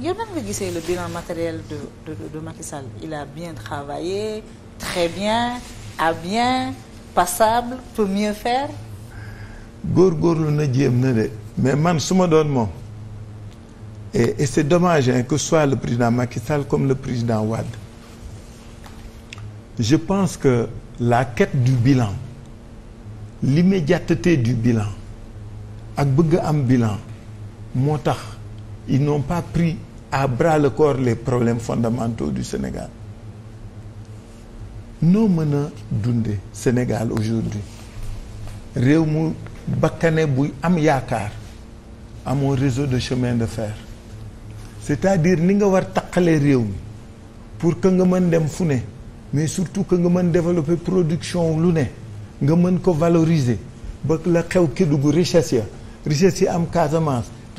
yow nan nga gisee le bilan matériel de de de, de Macky Sall il a bien travaillé très bien à bien passable peut mieux faire. góorgóorlu na jéem na de mais man su ma doon moom et et c'est dommage le président Macky Sall comme le président Wade je pense que la quête du bilan l'immédiateté du bilan ak bëgg am bilan moo tax ils n'ont pas pris à bras le corps les problèmes fondamentaux du Sénégal noo mën a dunde Sénégal aujourd'hui réew mu bakkane buy am yaakaar amoo réseau de chemin de fer cest à diir ni nga war taqalee réew mi pour que nga mën dem fu ne mais surtout que nga mën développer production lu ne nga mën ko valoriser ba la xew Kédougou richesse ya richesse yi am Casamance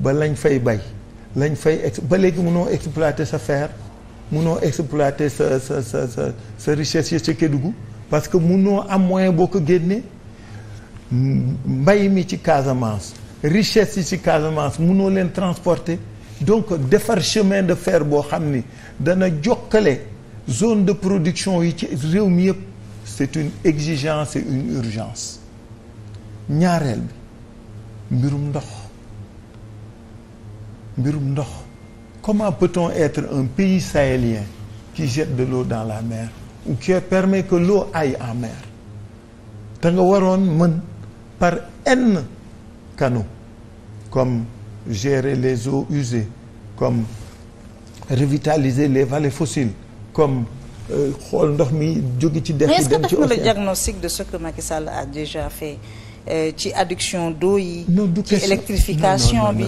ba lañ fay bay lañ fay ex ba léegi mënoo exploiter sa fer mënoo exploiter sa sa sa sa sa richesse yi ca Kédougou parce que mënoo am moyen boo ko génnee mbay mi ci Casamance richesse yi ci Casamance mënoo leen transporter donc defar chemin de fer boo xam ni dana jokkale zone de production yi ci réew mi yëpp c'est une exigence et une urgence ñaareel bi mbirum ndox mbirum ndox comment peut-on être un pays sahélien qui jette de l'eau dans la mer ou qui permet que l'eau aille en mer da nga waroon mën par n canaux comme gérer les eaux usées comme revitaliser les vallées fossiles comme euh, xool ndox mi jóge ci. def ci dem ci mais diagnostic de ce que Macky Sall a déjà fait. Euh, ci adduction d'eau yi. ci électrification bi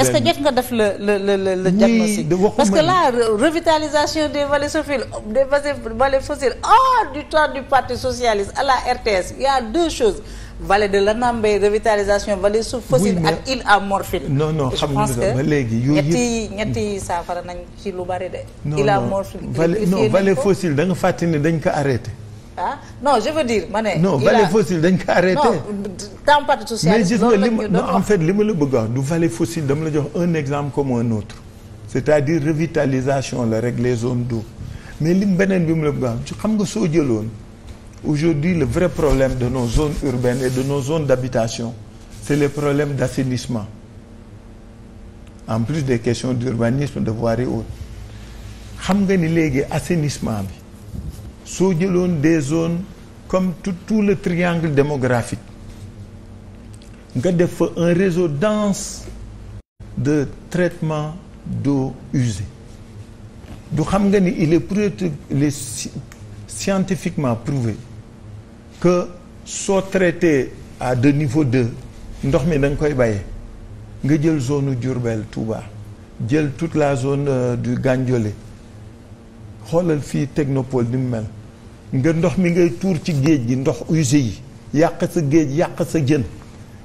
est-ce que jot nga def la la la la la parce que là revitalisation des vallées fossiles des vallées fossiles hors du temps à la RTS il y a deux choses vallée de l'Anambé revitalisation vallée sous fossile ak île à morphine. non non xam ba léegi yooyu yëpp ñetti ñetti saafara nañ ci lu bari de. île à morphine non non vallée fossile da dañ ko arrêté. ah non je veux dire ma ne. non vallée dañ ko arrêté. non tant parti mais gis li ma en fait li ma la bëgg wax du vallée fossile dama la jox un exemple comme un autre. c'est-à-dire revitalisation la rek les zone d'eau mais lim beneen bi mu la bëgg a xam xam nga soo jëloon aujourd'hui le vrai problème de nos zones urbaines et de nos zones d'habitation c'est les problèmes d'assainissement en plus des questions d'urbanisme de voirie et xam nga ni léegi assainissement bi. soo jëloon des zones comme tout tout le triangle démographique nga def fa un réseau dense de traitement d'eau usée du xam nga ni il est prouvé il est scientifiquement prouvé que soo traité à de niveau deux ndox mi da koy bàyyee nga jël zone Diourbel Touba jël toute la zone euh, du Gandiolé xoolal fii technopole ni mu mel nga ndox mi ngay tuur ci géej gi ndox usé yi yàq sa géej yàq sa jën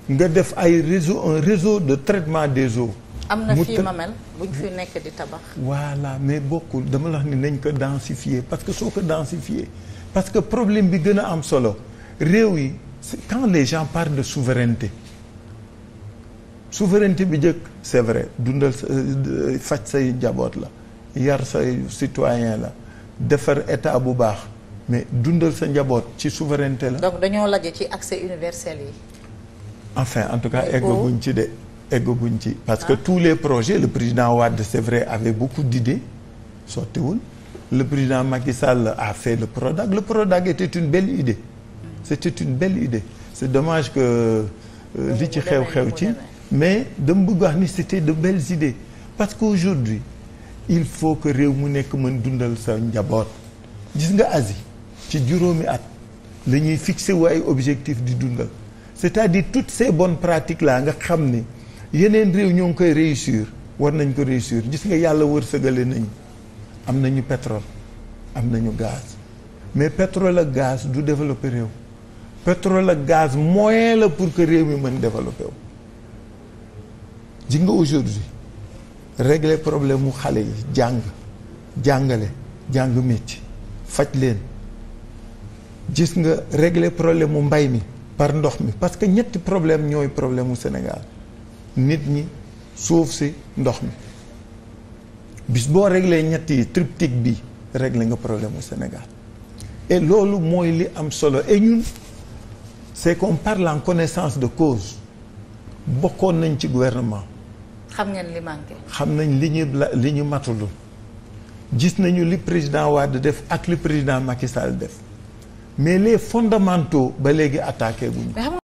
nga def ay réseau un réseau de traitement des eaux am na fii Mamel bu ñu fi nekk di tabax voilà mais bokkul dama lax ni nañ ko densifier parce que soo ko densifier parce que problème bi gën a am solo réew yi quand les gens parlent de souveraineté souveraineté bi jëkk c'est vrai dundal euh, faj say njaboot la yar say citoyen la defar état bu baax mais dundal sa njaboot ci souveraineté la. donc dañoo laje ci accès universel yi. enfin en tout cas eggaguñ ci de eggaguñ ci. parce que ah. tous les projets le président Wade c'est vrai avait beaucoup d'idées sottiwul le président Macky Sall a fait le Prodac le Prodac était une belle idée. c'était une belle idée c'est dommage que. Euh, li ci xew-xew ci mais dama bëgg wax ni c'était de belles idées parce qu'aujourd'hui il faut que réew mu nekk mën dundal sa njaboot gis nga Asie. ci juróomi at la ñuy fixé ay objectif di dundal c'est-à-dire toutes ces bonnes pratiques là nga xam ni yeneen réew ñoo ngi koy réussir war nañ ko réussir gis nga yàlla wër wërsëgale nañu am nañu pétrole am nañu gaz mais pétrole ak gaz du développer réew pétrole ak gaz moyen la pour que réew mi mën développer wu ji nga aujourd'hui régler problème mu xale yi jàng jàngale jàng métier faj leen gis nga régler problème mu mbay mi par ndox mi parce que ñetti problème ñooy problème mu Sénégal nit ñi suuf si ndox mi bis boo régler ñetti triptyque bi régler nga problème mu Sénégal et loolu mooy li am solo et ñun c'est qu'on parle en connaissance de cause bokkoon nañ ci gouvernement. xam ngeen li manqué. xam nañ li ñu li ñu matul jis nañu li président Wade def ak li président Macky Sall def. mais les fondamentaux ba léegi attaqué guñu